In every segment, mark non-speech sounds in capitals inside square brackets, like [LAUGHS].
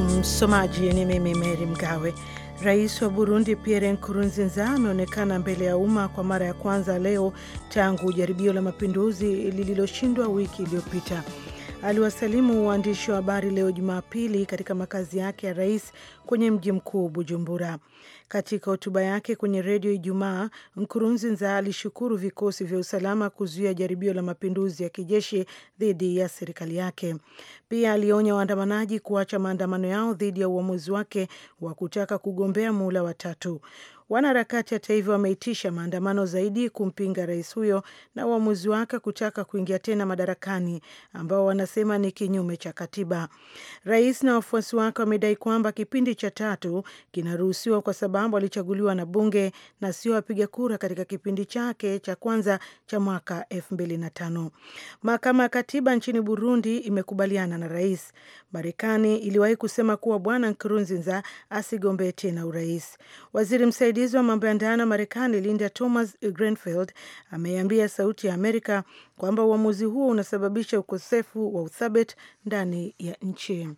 Msomaji ni mimi Meri Mgawe. Rais wa Burundi Pierre Nkurunziza ameonekana mbele ya umma kwa mara ya kwanza leo tangu jaribio la mapinduzi lililoshindwa wiki iliyopita aliwasalimu waandishi wa habari leo Jumapili katika makazi yake ya rais kwenye mji mkuu Bujumbura. Katika hotuba yake kwenye redio Ijumaa, Nkurunziza alishukuru vikosi vya usalama kuzuia jaribio la mapinduzi ya kijeshi dhidi ya serikali yake. Pia alionya waandamanaji kuacha maandamano yao dhidi ya uamuzi wake wa kutaka kugombea muhula watatu. Wanaharakati hata hivyo wameitisha maandamano zaidi kumpinga rais huyo na uamuzi wake kutaka kuingia tena madarakani ambao wanasema ni kinyume cha katiba. Rais na wafuasi wake wamedai kwamba kipindi cha tatu kinaruhusiwa kwa sababu alichaguliwa na bunge na sio wapiga kura katika kipindi chake cha kwanza cha mwaka elfu mbili na tano. Mahakama ya katiba nchini Burundi imekubaliana na rais. Marekani iliwahi kusema kuwa Bwana Nkurunziza asigombee tena urais. Waziri msaidi msaidizi wa mambo ya ndani wa Marekani Linda Thomas Greenfield ameiambia Sauti ya Amerika kwamba uamuzi huo unasababisha ukosefu wa uthabiti ndani ya nchi.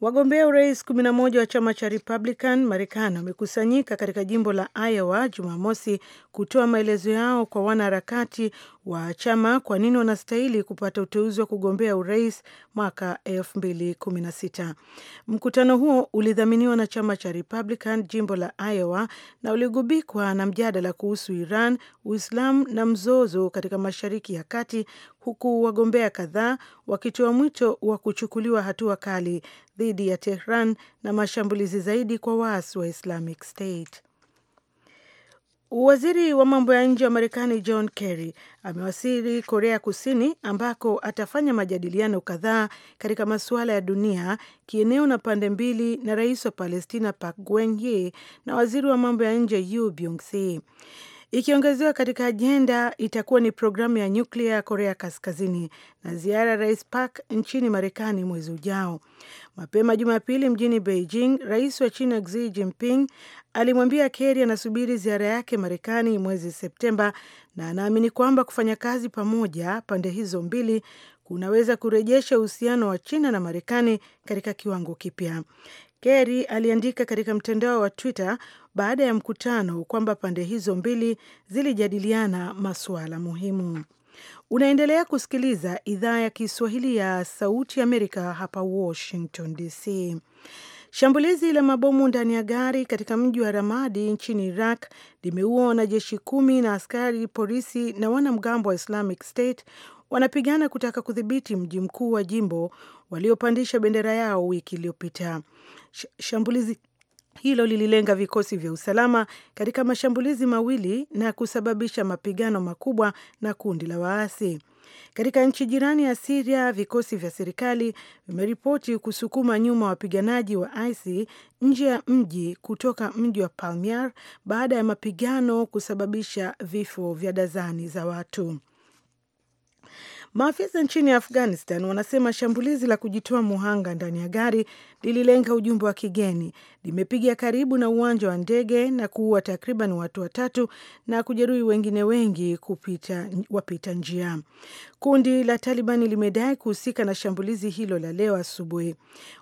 Wagombea urais 11 wa chama cha Republican Marekani wamekusanyika katika jimbo la Iowa Jumamosi kutoa maelezo yao kwa wanaharakati wa chama kwa nini wanastahili kupata uteuzi wa kugombea urais mwaka 2016. Mkutano huo ulidhaminiwa na chama cha Republican jimbo la Iowa na uligubikwa na mjadala kuhusu Iran, Uislamu na mzozo katika Mashariki ya Kati huku wagombea kadhaa wakitoa mwito wa kuchukuliwa hatua kali dhidi ya Tehran na mashambulizi zaidi kwa waasi wa Islamic State. Waziri wa mambo ya nje wa Marekani John Kerry amewasili Korea Kusini ambako atafanya majadiliano kadhaa katika masuala ya dunia, kieneo na pande mbili na rais wa Palestina Park Geun-hye na waziri wa mambo ya nje Yu Byung-se. Ikiongezewa katika ajenda itakuwa ni programu ya nyuklia ya Korea Kaskazini na ziara ya Rais Park nchini Marekani mwezi ujao. Mapema Jumapili mjini Beijing, rais wa China Xi Jinping alimwambia keri anasubiri ziara yake Marekani mwezi Septemba na anaamini kwamba kufanya kazi pamoja pande hizo mbili kunaweza kurejesha uhusiano wa China na Marekani katika kiwango kipya. Kerry aliandika katika mtandao wa Twitter baada ya mkutano kwamba pande hizo mbili zilijadiliana masuala muhimu. Unaendelea kusikiliza idhaa ya Kiswahili ya Sauti Amerika hapa Washington DC. Shambulizi la mabomu ndani ya gari katika mji wa Ramadi nchini Iraq limeua wanajeshi kumi na askari polisi na wanamgambo wa Islamic State wanapigana kutaka kudhibiti mji mkuu wa jimbo waliopandisha bendera yao wiki iliyopita. Shambulizi hilo lililenga vikosi vya usalama katika mashambulizi mawili na kusababisha mapigano makubwa na kundi la waasi. Katika nchi jirani ya Siria, vikosi vya serikali vimeripoti kusukuma nyuma wapiganaji wa ISIS nje ya mji kutoka mji wa Palmyra baada ya mapigano kusababisha vifo vya dazani za watu. Maafisa nchini Afghanistan wanasema shambulizi la kujitoa muhanga ndani ya gari lililenga ujumbe wa kigeni limepiga karibu na uwanja wa ndege na kuua takriban watu watatu na kujeruhi wengine wengi kupita wapita njia. Kundi la Talibani limedai kuhusika na shambulizi hilo la leo asubuhi.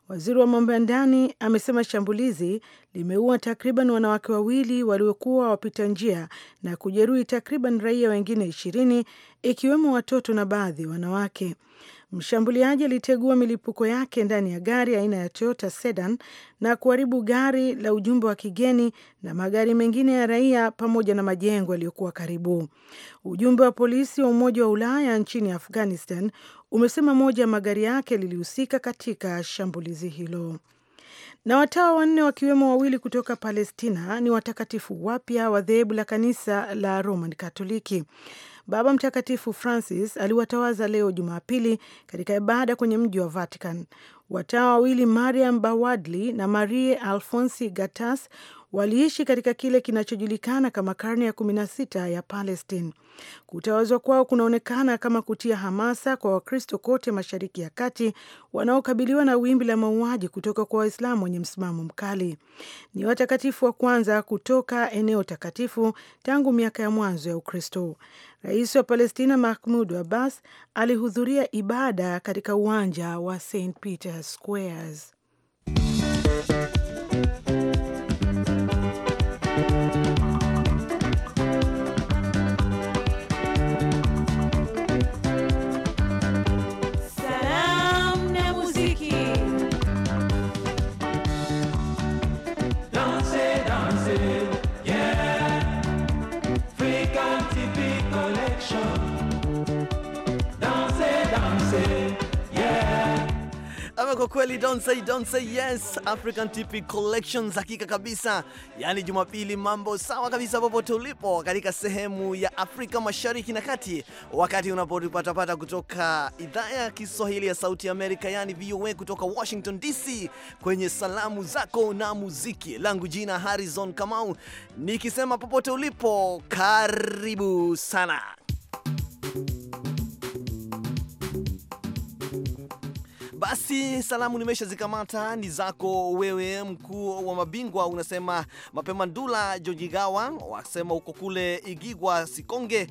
Waziri wa mambo ya ndani amesema shambulizi limeua takriban wanawake wawili waliokuwa wapita njia na kujeruhi takriban raia wengine ishirini ikiwemo watoto na baadhi ya wanawake. Mshambuliaji alitegua milipuko yake ndani ya gari aina ya Toyota Sedan na kuharibu gari la ujumbe wa kigeni na magari mengine ya raia pamoja na majengo yaliyokuwa karibu. Ujumbe wa polisi wa Umoja wa Ulaya nchini Afghanistan umesema moja ya magari yake lilihusika katika shambulizi hilo. Na watawa wanne wakiwemo wawili kutoka Palestina ni watakatifu wapya wa dhehebu la kanisa la Roman Katoliki. Baba Mtakatifu Francis aliwatawaza leo Jumapili katika ibada kwenye mji wa Vatican. Watawa wawili Mariam Bawadli na Marie Alfonsi Gatas waliishi katika kile kinachojulikana kama karne ya 16 ya Palestine. Kutawazwa kwao kunaonekana kama kutia hamasa kwa Wakristo kote Mashariki ya Kati wanaokabiliwa na wimbi la mauaji kutoka kwa Waislamu wenye msimamo mkali. Ni watakatifu wa kwanza kutoka eneo takatifu tangu miaka ya mwanzo ya Ukristo. Rais wa Palestina Mahmud Abbas alihudhuria ibada katika uwanja wa St Peter Squares. kutoka kwa kweli, don't say, don't say yes, African TP Collections, hakika kabisa. Yaani Jumapili mambo sawa kabisa, popote ulipo katika sehemu ya Afrika Mashariki na Kati, wakati unapotupatapata kutoka idhaa ya Kiswahili ya Sauti Amerika, yani VOA kutoka Washington DC, kwenye salamu zako na muziki langu. Jina Harrison Kamau, nikisema popote ulipo, karibu sana. Basi salamu nimesha zikamata, ni zako wewe, mkuu wa mabingwa. Unasema mapema Ndula Jojigawa, wasema uko kule Igigwa Sikonge,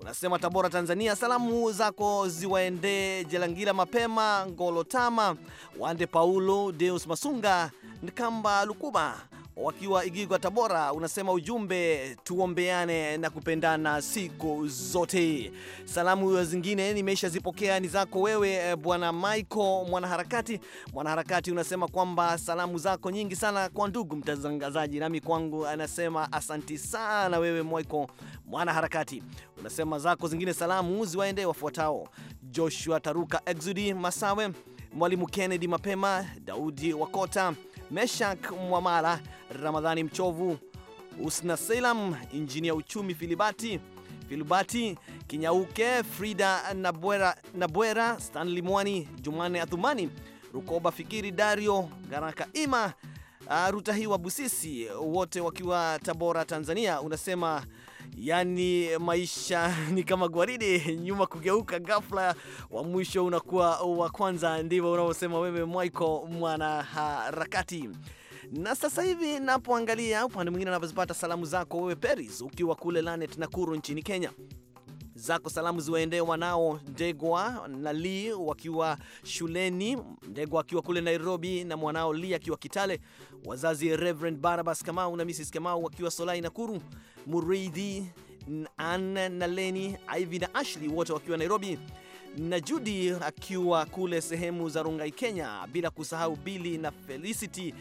unasema Tabora, Tanzania. Salamu zako ziwaende Jelangira mapema, Ngolotama Wande, Paulo Deus Masunga, Nkamba Lukuba wakiwa Igigwa, Tabora, unasema ujumbe tuombeane na kupendana siku zote. Salamu zingine nimesha zipokea ni zako wewe eh, bwana Michael mwanaharakati. Mwanaharakati unasema kwamba salamu zako nyingi sana kwa ndugu mtazangazaji nami kwangu anasema asanti sana wewe Michael mwanaharakati. Unasema zako zingine salamu ziwaende wafuatao: Joshua Taruka, Exudi Masawe, Mwalimu Kennedy Mapema, Daudi Wakota Meshak Mwamara, Ramadhani Mchovu, Usna Seilam, Injinia Uchumi Filibati Filibati Kinyauke, Frida Nabwera, Nabwera Stanley Mwani, Jumane Athumani Rukoba, Fikiri Dario Garaka, Ima Rutahiwa Busisi, wote wakiwa Tabora, Tanzania. Unasema yani maisha [LAUGHS] ni kama gwaride, nyuma kugeuka ghafla, wa mwisho unakuwa wa kwanza. Ndivyo unavyosema wewe Michael, mwanaharakati. Na sasa hivi napoangalia upande mwingine, napozipata salamu zako wewe Paris, ukiwa kule Lanet Nakuru nchini Kenya zako salamu ziwaendee wanao Ndegwa na li wakiwa shuleni, Ndegwa akiwa kule Nairobi na mwanao Li akiwa Kitale, wazazi Reverend Barabas Kamau na Mrs Kamau wakiwa Solai Nakuru, Muridi Anna na Leni, Ivy na Ashley wote wakiwa Nairobi na Judy akiwa kule sehemu za Rungai, Kenya, bila kusahau Billy na Felicity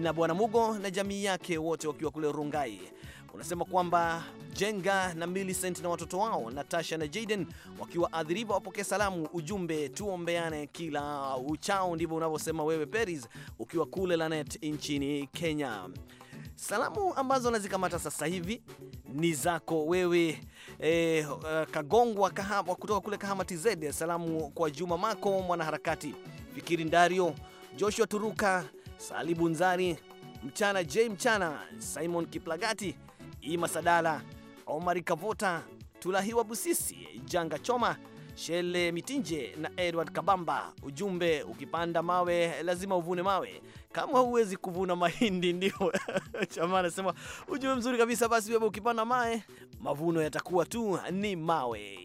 na Bwana Mugo na jamii yake wote wakiwa kule Rungai unasema kwamba Jenga na Millicent na watoto wao Natasha na Jaden wakiwa adhiriva wapokee salamu. Ujumbe tuombeane kila uchao, ndivyo unavyosema wewe Peris ukiwa kule Lanet nchini Kenya. Salamu ambazo nazikamata sasa hivi ni zako wewe eh, Kagongwa Kahama kutoka kule Kahama TZ. Salamu kwa Juma Mako mwanaharakati, Fikiri Ndario, Joshua Turuka, Salibu Nzari, Mchana J Mchana, Simon Kiplagati Ima Sadala, Omari Kavota, Tulahiwa Busisi, Janga Choma, Shele Mitinje na Edward Kabamba. Ujumbe, ukipanda mawe lazima uvune mawe, kama huwezi kuvuna mahindi [LAUGHS] ndio chama. Anasema ujumbe mzuri kabisa. Basi wewe ukipanda mawe, mavuno yatakuwa tu ni mawe.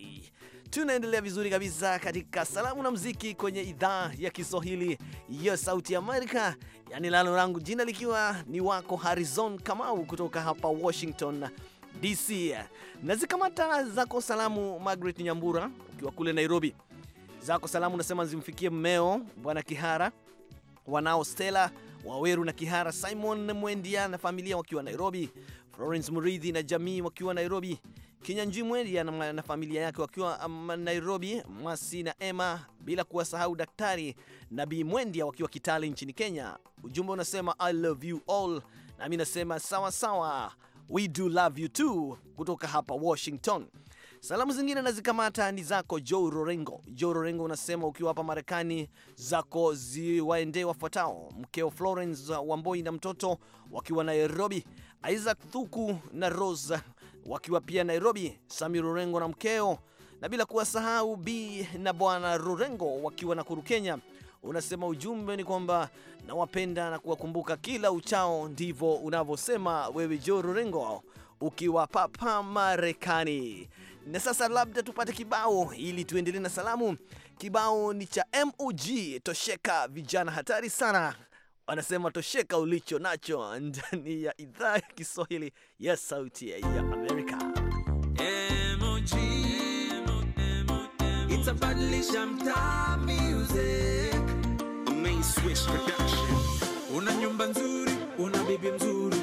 Tunaendelea vizuri kabisa katika salamu na muziki kwenye idhaa ya Kiswahili ya Sauti ya Amerika, yani lalo langu jina likiwa ni wako harizon Kamau kutoka hapa Washington DC. Na zikamata zako salamu, Margaret Nyambura, ukiwa kule Nairobi. Zako salamu nasema zimfikie mmeo Bwana Kihara, wanao Stella Waweru na Kihara, Simon Mwendia na familia wakiwa Nairobi, Florence Muridhi na jamii wakiwa Nairobi, Kenya Kinyanjimwe na na familia yake wakiwa um, Nairobi, Mwasi na Emma, bila kuwasahau daktari na Bi Mwendia wakiwa Kitale nchini Kenya. Ujumbe unasema I love you all, nami nasema sawa sawa, we do love you too, kutoka hapa Washington. Salamu zingine nazikamata ni zako Joe Rorengo. Joe Rorengo unasema ukiwa hapa Marekani, zako ziwaendee wafuatao: mkeo Florence Wamboi na mtoto wakiwa Nairobi, Isaac Thuku na Rose wakiwa pia Nairobi, Sami Rurengo na mkeo, na bila kuwasahau b na Bwana Rurengo wakiwa Nakuru, Kenya. Unasema ujumbe ni kwamba nawapenda na kuwakumbuka kila uchao, ndivyo unavyosema wewe Jo Rurengo ukiwa papa Marekani. Na sasa labda tupate kibao ili tuendelee na salamu. Kibao ni cha MOG Tosheka, vijana hatari sana wanasema tosheka ulicho nacho [LAUGHS] ndani ya idhaa ya Kiswahili ya Sauti ya Amerika. Una nyumba nzuri, una bibi mzuri,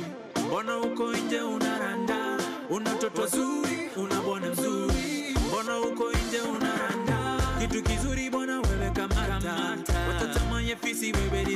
mbona uko nje unaranda? Una toto zuri, una bwana mzuri, mbona uko nje unaranda? Kitu kizuri bwana, wewe kamata, watatamanye fisi wewe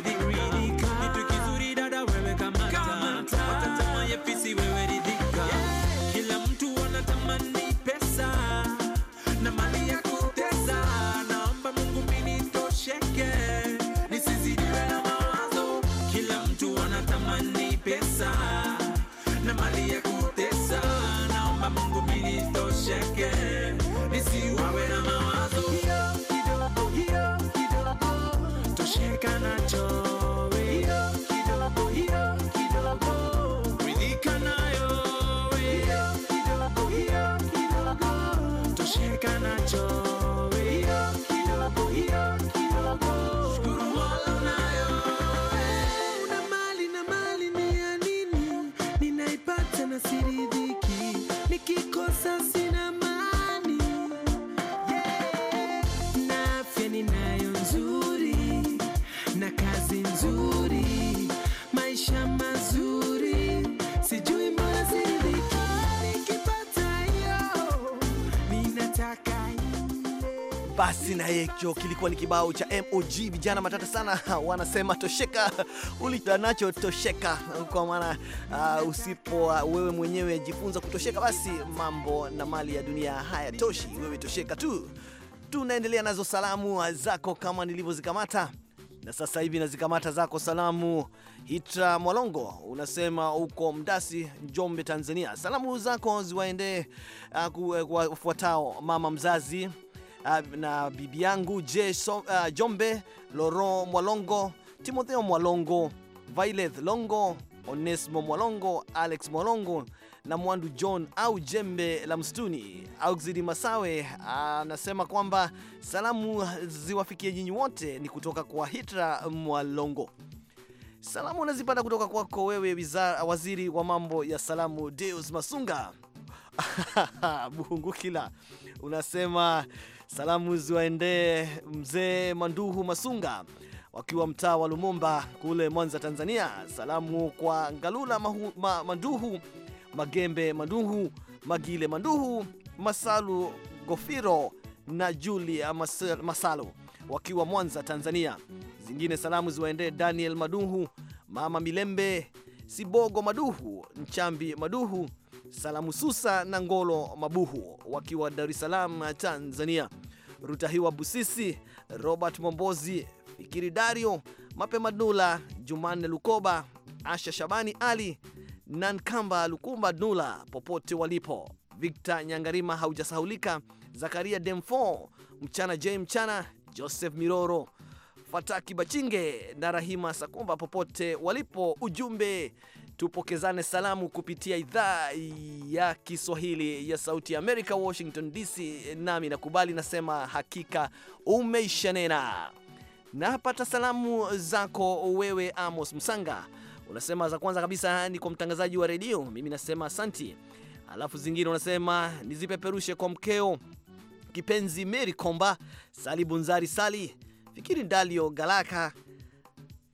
Basi na hicho kilikuwa ni kibao cha MOG, vijana matata sana [LAUGHS] wanasema tosheka, ulianacho tosheka, kwa maana uh, usipo uh, wewe mwenyewe jifunza kutosheka, basi mambo na mali ya dunia toshi, wewe tosheka tu. Tunaendelea nazo salamu uh, zako kama nilivyozikamata na sasa hivi nazikamata zako salamu. Hitra Mwalongo, unasema uko Mdasi, Njombe, Tanzania. Salamu zako ziwaendee uh, uh, wafuatao: mama mzazi Ah, na bibi yangu so, uh, Jombe, Loro Mwalongo, Timotheo Mwalongo, Violet Longo, Onesmo Mwalongo, Alex Mwalongo na Mwandu John au Jembe la au Zidi Masawe ah, anasema kwamba salamu ziwafikie nyinyi wote ni kutoka kwa Hitra Mwalongo. Salamu unazipata kutoka kwako wewe wizara, waziri wa mambo ya salamu Deus Masunga [LAUGHS] Buhungukila unasema Salamu ziwaendee mzee Manduhu Masunga wakiwa mtaa wa Lumumba kule Mwanza, Tanzania. Salamu kwa Ngalula Mahu, ma, Manduhu Magembe Manduhu Magile Manduhu Masalu Gofiro na Julia Masalu wakiwa Mwanza, Tanzania. Zingine salamu ziwaendee Daniel Maduhu, Mama Milembe Sibogo Maduhu, Nchambi Maduhu Salamu Susa na Ngolo Mabuhu wakiwa Dar es Salaam, Tanzania. Rutahiwa Busisi, Robert Mombozi, Fikiri Dario, Mapema Dnula, Jumanne Lukoba, Asha Shabani Ali, Nankamba Lukumba Dnula popote walipo. Victor Nyangarima haujasahulika, Zakaria Demfo, Mchana J Mchana, Joseph Miroro, Fataki Bachinge na Rahima Sakumba popote walipo. Ujumbe tupokezane salamu kupitia idhaa ya Kiswahili ya Sauti ya Amerika, Washington DC. Nami nakubali nasema, hakika umeisha nena. Napata salamu zako wewe, Amos Msanga. Unasema za kwanza kabisa ni kwa mtangazaji wa redio, mimi nasema asanti. Alafu zingine unasema nizipeperushe kwa mkeo kipenzi Meri Komba, Sali Bunzari, Sali Fikiri, Dalio Galaka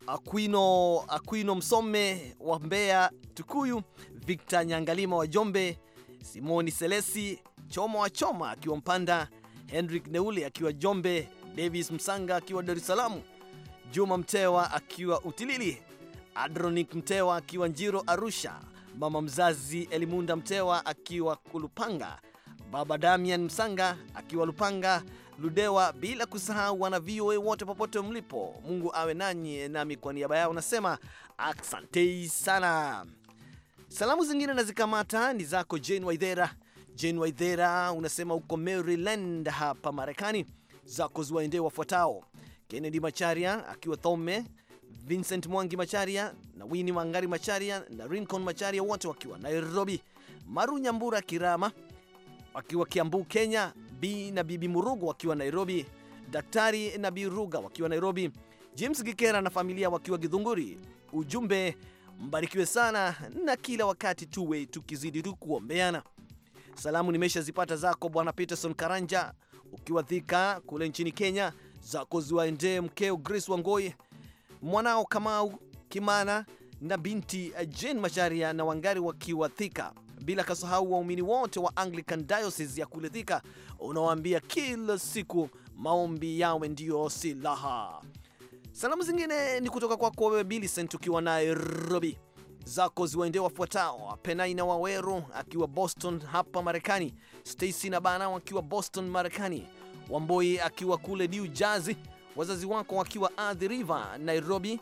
Aquino, Aquino Msome wa Mbeya, Tukuyu, Victor Nyangalima wa Jombe, Simoni Selesi Choma wa Choma akiwa Mpanda, Henrik Neule akiwa Jombe, Davis Msanga akiwa Dar es Salaam, Juma Mtewa akiwa Utilili, Adronik Mtewa akiwa Njiro Arusha, mama mzazi Elimunda Mtewa akiwa Kulupanga, baba Damian Msanga akiwa Lupanga Ludewa, bila kusahau wana VOA wote popote mlipo. Mungu awe nanyi, nami kwa niaba yao nasema asantei sana. Salamu zingine na zikamata ni zako Jane Waithera. Jane Waithera unasema uko Maryland hapa Marekani, zako ziwaendee wafuatao: Kennedy Macharia akiwa Thome, Vincent Mwangi Macharia na Winnie Wangari Macharia na Rincon Macharia, wote wakiwa Nairobi. Maru Nyambura Kirama wakiwa Kiambu, Kenya, B na Bibi Murugu wakiwa Nairobi, Daktari na Ruga wakiwa Nairobi, James Gikera na familia wakiwa Githunguri. Ujumbe, mbarikiwe sana na kila wakati tuwe tukizidi tu kuombeana. Salamu nimeshazipata zako Bwana Peterson Karanja ukiwa Thika kule nchini Kenya, zako ziwaendee mkeo Grace Wangoi, mwanao Kamau Kimana na binti Jane masharia na Wangari wakiwa Thika bila kasahau waumini wote wa Anglican Diocese ya kulethika unawaambia kila siku maombi yawe ndiyo silaha. Salamu zingine ni kutoka kwako wewe ukiwa tukiwa Nairobi zako ziwaende wafuatao: Penaina Waweru akiwa Boston hapa Marekani, Stacy na Bana akiwa Boston Marekani, Wamboi akiwa kule New Jersey, wazazi wako wakiwa Athi River Nairobi,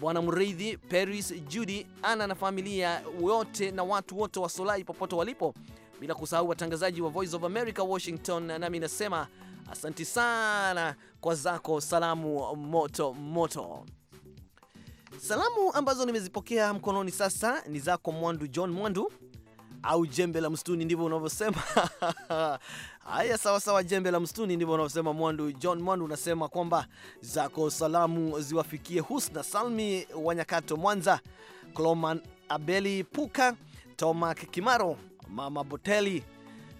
Bwana Mridhi, Paris, Judy, Ana na familia wote na watu wote wa Solai popote walipo, bila kusahau watangazaji wa Voice of America Washington, nami nasema asanti sana kwa zako salamu moto moto. Salamu ambazo nimezipokea mkononi sasa ni zako Mwandu John Mwandu au jembe la msituni, ndivyo unavyosema [LAUGHS] Haya, sawa sawa, jembe la mstuni ndivyo unavyosema Mwandu. John Mwandu unasema kwamba zako salamu ziwafikie Husna Salmi wa Nyakato, Mwanza, Cloman Abeli Puka, Tomak Kimaro, Mama Boteli,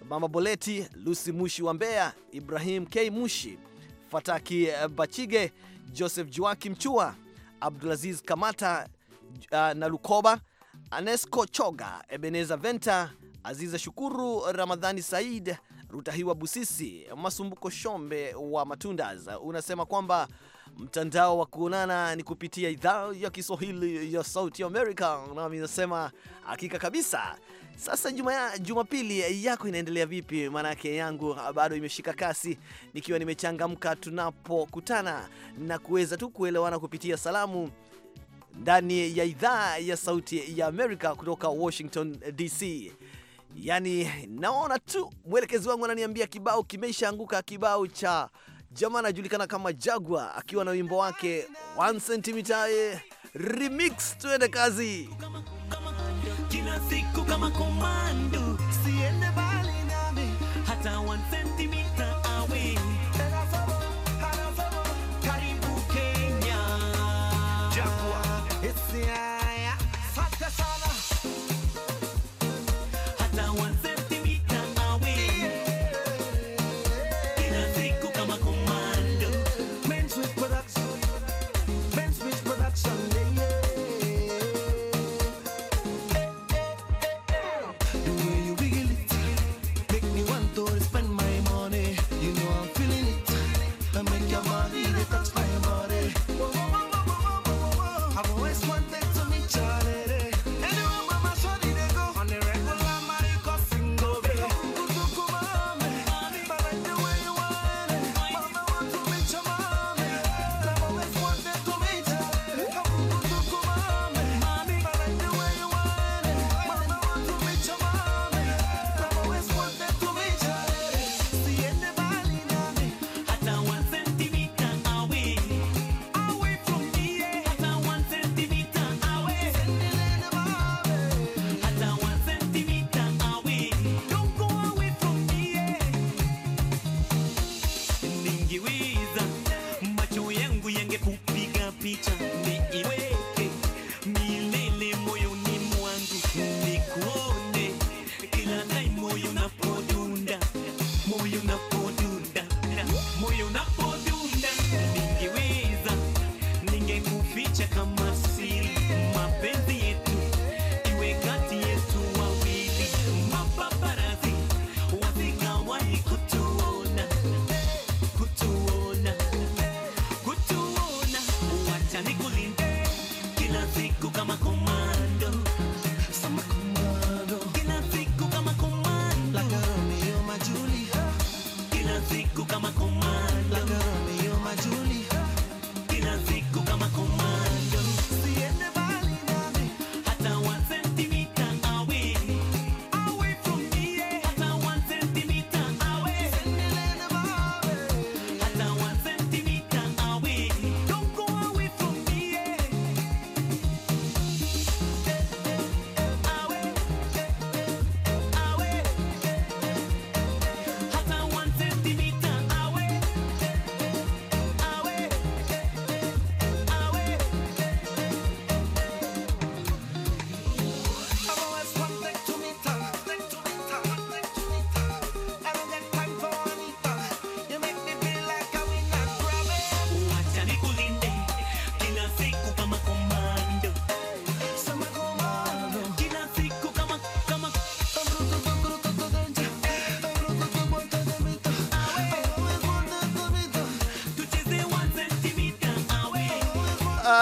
Mama Boleti, Lusi Mushi wa Mbeya, Ibrahim K Mushi, Fataki Bachige, Joseph Juaki Mchua, Abdulaziz Kamata uh, na Lukoba, Anesco Choga, Ebeneza Venta, Aziza Shukuru, Ramadhani Said, Rutahiwa Busisi Masumbuko Shombe wa Matundas unasema kwamba mtandao wa kuonana ni kupitia idhaa ya Kiswahili ya Sauti Amerika, nami nasema hakika kabisa. Sasa Jumapili yako inaendelea vipi? Maanake yangu bado imeshika kasi, nikiwa nimechangamka tunapokutana na kuweza tu kuelewana kupitia salamu ndani ya idhaa ya Sauti ya Amerika kutoka Washington DC. Yani naona tu mwelekezi wangu ananiambia kibao kimeshaanguka, kibao cha jamaa anajulikana kama Jagwa akiwa na wimbo wake 1 cm eh, remix. Tuende kazi.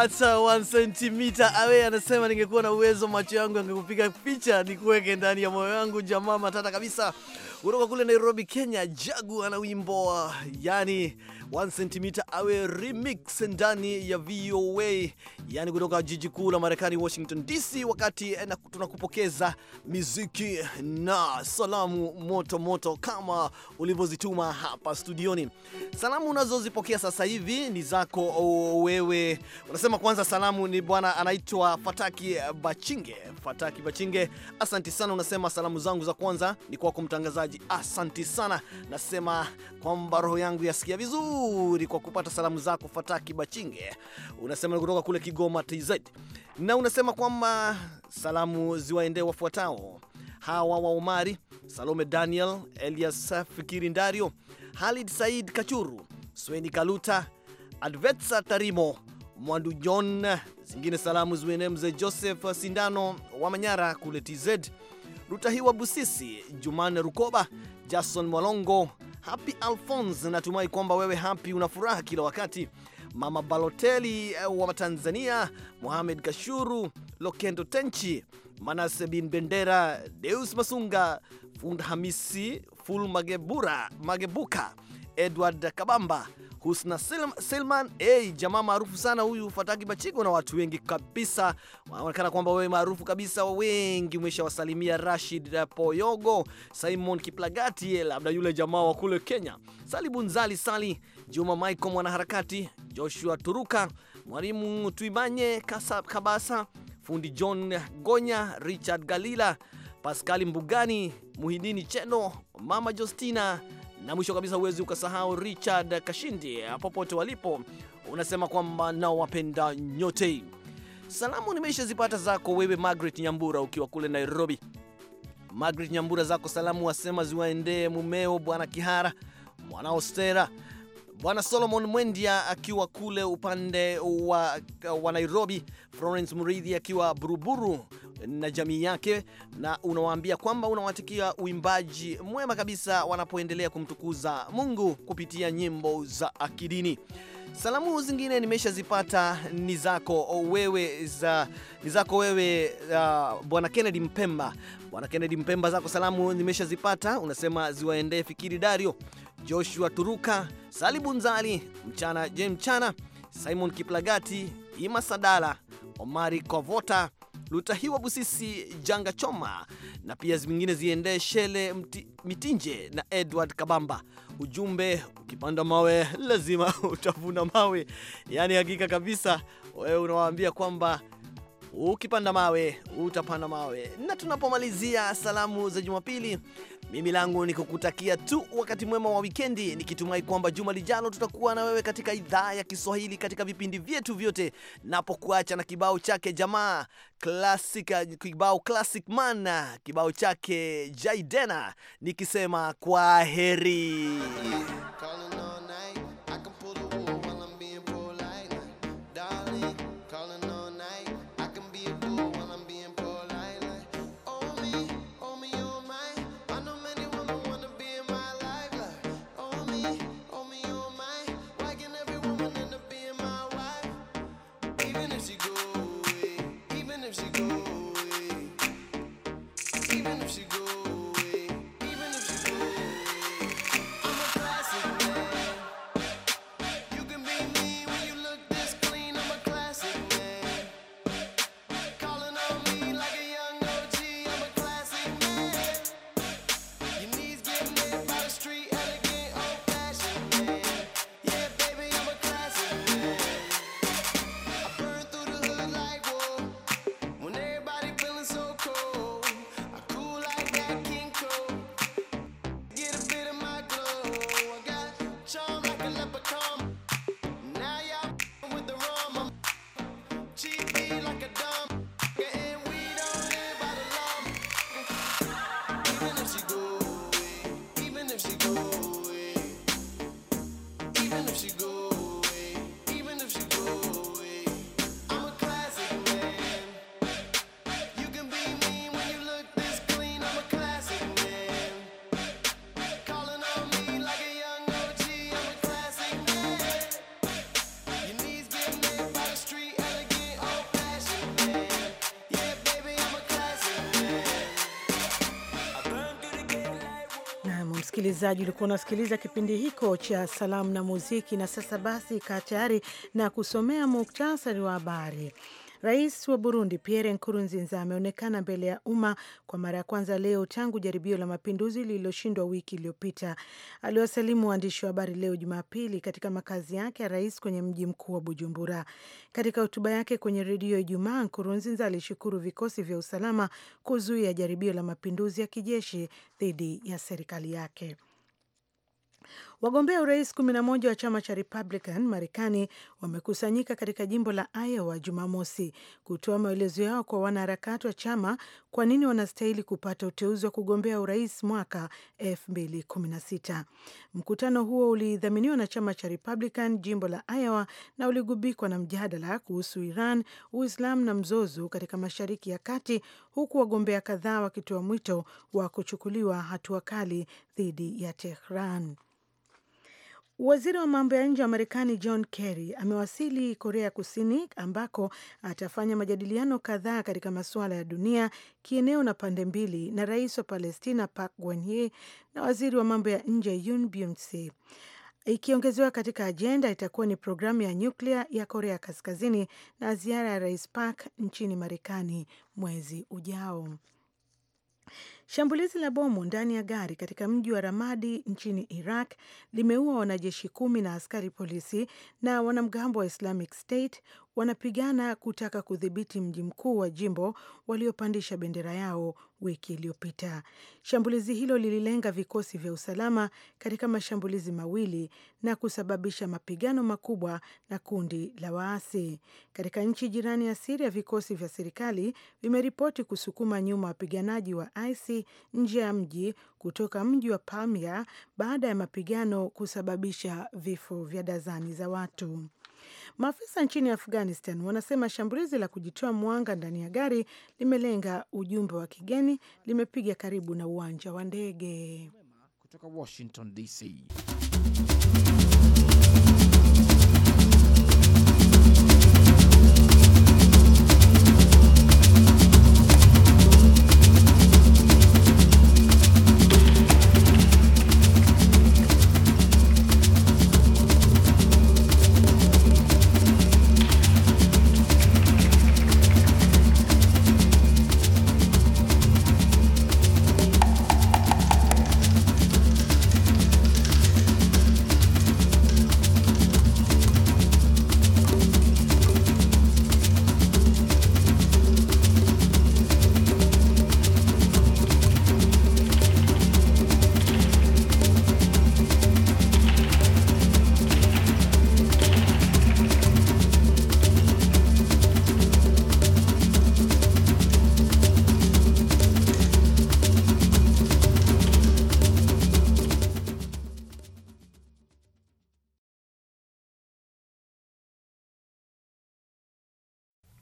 hata 1 cm awe anasema, ningekuwa na uwezo macho yangu angekupiga picha nikuweke ndani ya moyo wangu. Jamaa matata kabisa kutoka kule Nairobi, Kenya. Jagu ana wimbo yani 1 Cm awe remix ndani ya VOA, yani kutoka jiji kuu la Marekani Washington DC, wakati eh, tunakupokeza miziki na salamu moto moto kama ulivyozituma hapa studioni. Salamu unazozipokea sasa hivi ni zako oh, wewe, unasema kwanza salamu ni bwana anaitwa Fataki Bachinge. Fataki Bachinge, asanti sana. Unasema salamu zangu za kwanza ni kwako mtangazaji, asanti sana. Nasema kwamba roho yangu yasikia vizuri vizuri kwa kupata salamu zako. Fataki Bachinge unasema kutoka kule Kigoma TZ, na unasema kwamba salamu ziwaendee wafuatao hawa wa Omari Salome, Daniel Elias, Fikiri Ndario, Halid Said Kachuru, Sweni Kaluta, Advetsa Tarimo Mwandu John. Zingine salamu ziwene mzee Joseph Sindano wa Manyara kule TZ, Rutahiwa Busisi, Jumane Rukoba, Jason Mwalongo, Happy Alphonse, natumai kwamba wewe Happy una furaha kila wakati. Mama Baloteli eh, wa Tanzania, Mohamed Kashuru, Lokendo Tenchi, Manase bin Bendera, Deus Masunga, Fund Hamisi, Ful Magebura, Magebuka, Edward Kabamba Husna Selman. Hey, jamaa maarufu sana huyu, Fataki Bachigo na watu wengi kabisa, wanaonekana kwamba wewe maarufu kabisa, wengi umeshawasalimia Rashid Poyogo, Simon Kiplagati, labda yule jamaa wa kule Kenya, Nzali, Sali, Juma Michael mwanaharakati, Joshua Turuka, Mwalimu Tuibanye Kasab, Kabasa, Fundi John Gonya, Richard Galila, Paskali Mbugani, Muhidini Cheno, Mama Justina na mwisho kabisa, huwezi ukasahau Richard Kashindi, popote walipo, unasema kwamba nawapenda nyote. Salamu nimeisha zipata zako wewe Margaret Nyambura ukiwa kule Nairobi. Margaret Nyambura, zako salamu wasema ziwaendee mumeo Bwana Kihara, bwana Ostera, Bwana Solomon Mwendia akiwa kule upande wa, wa Nairobi, Florence Muridhi akiwa Buruburu, na jamii yake, na unawaambia kwamba unawatikia uimbaji mwema kabisa wanapoendelea kumtukuza Mungu kupitia nyimbo za akidini. Salamu zingine nimeshazipata ni zako wewe za ni zako wewe uh, Bwana Kennedy Mpemba. Bwana Kennedy Mpemba, zako salamu nimeshazipata, unasema ziwaendee Fikiri Dario, Joshua Turuka, Salibunzali, Mchana James Mchana, Simon Kiplagati, Ima Sadala, Omari Kovota Lutahiwa Busisi Janga Choma na pia zingine ziendee Shele Mitinje na Edward Kabamba. Ujumbe, ukipanda mawe lazima [LAUGHS] utavuna mawe. Yaani hakika kabisa wewe unawaambia kwamba ukipanda mawe utapanda mawe. Na tunapomalizia salamu za Jumapili, mimi langu ni kukutakia tu wakati mwema wa wikendi, nikitumai kwamba juma lijalo tutakuwa na wewe katika idhaa ya Kiswahili katika vipindi vyetu vyote, napokuacha na kibao chake jamaa classic, kibao classic man, kibao chake Jaidena, nikisema kwa heri. Msikilizaji, ulikuwa unasikiliza kipindi hiko cha salamu na muziki, na sasa basi kaa tayari na kusomea muktasari wa habari. Rais wa Burundi Pierre Nkurunziza ameonekana mbele ya umma kwa mara ya kwanza leo tangu jaribio la mapinduzi lililoshindwa wiki iliyopita. Aliwasalimu waandishi wa habari leo Jumapili katika makazi yake ya rais kwenye mji mkuu wa Bujumbura. Katika hotuba yake kwenye redio Ijumaa, Nkurunziza alishukuru vikosi vya usalama kuzuia jaribio la mapinduzi ya kijeshi dhidi ya serikali yake. Wagombea urais 11 wa chama cha Republican Marekani wamekusanyika katika jimbo la Iowa Jumamosi kutoa maelezo yao kwa wanaharakati wa chama kwa nini wanastahili kupata uteuzi wa kugombea urais mwaka 2016. Mkutano huo ulidhaminiwa na chama cha Republican jimbo la Iowa na uligubikwa na mjadala kuhusu Iran, Uislamu na mzozo katika Mashariki ya Kati, huku wagombea kadhaa wakitoa mwito wa kuchukuliwa hatua kali dhidi ya Tehran. Waziri wa mambo ya nje wa Marekani John Kerry amewasili Korea Kusini ambako atafanya majadiliano kadhaa katika masuala ya dunia, kieneo na pande mbili na rais wa Palestina Park Geun-hye na waziri wa mambo ya nje Yun Byung-se. Ikiongezewa katika ajenda itakuwa ni programu ya nyuklia ya Korea Kaskazini na ziara ya Rais Park nchini Marekani mwezi ujao. Shambulizi la bomu ndani ya gari katika mji wa Ramadi nchini Iraq limeua wanajeshi kumi na askari polisi na wanamgambo wa Islamic State wanapigana kutaka kudhibiti mji mkuu wa jimbo waliopandisha bendera yao wiki iliyopita. Shambulizi hilo lililenga vikosi vya usalama katika mashambulizi mawili na kusababisha mapigano makubwa na kundi la waasi. Katika nchi jirani ya Siria, vikosi vya serikali vimeripoti kusukuma nyuma wapiganaji wa IC nje ya mji kutoka mji wa palmia baada ya mapigano kusababisha vifo vya dazani za watu. Maafisa nchini Afghanistan wanasema shambulizi la kujitoa mwanga ndani ya gari limelenga ujumbe wa kigeni, limepiga karibu na uwanja wa ndege. Kutoka Washington DC.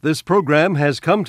This program has come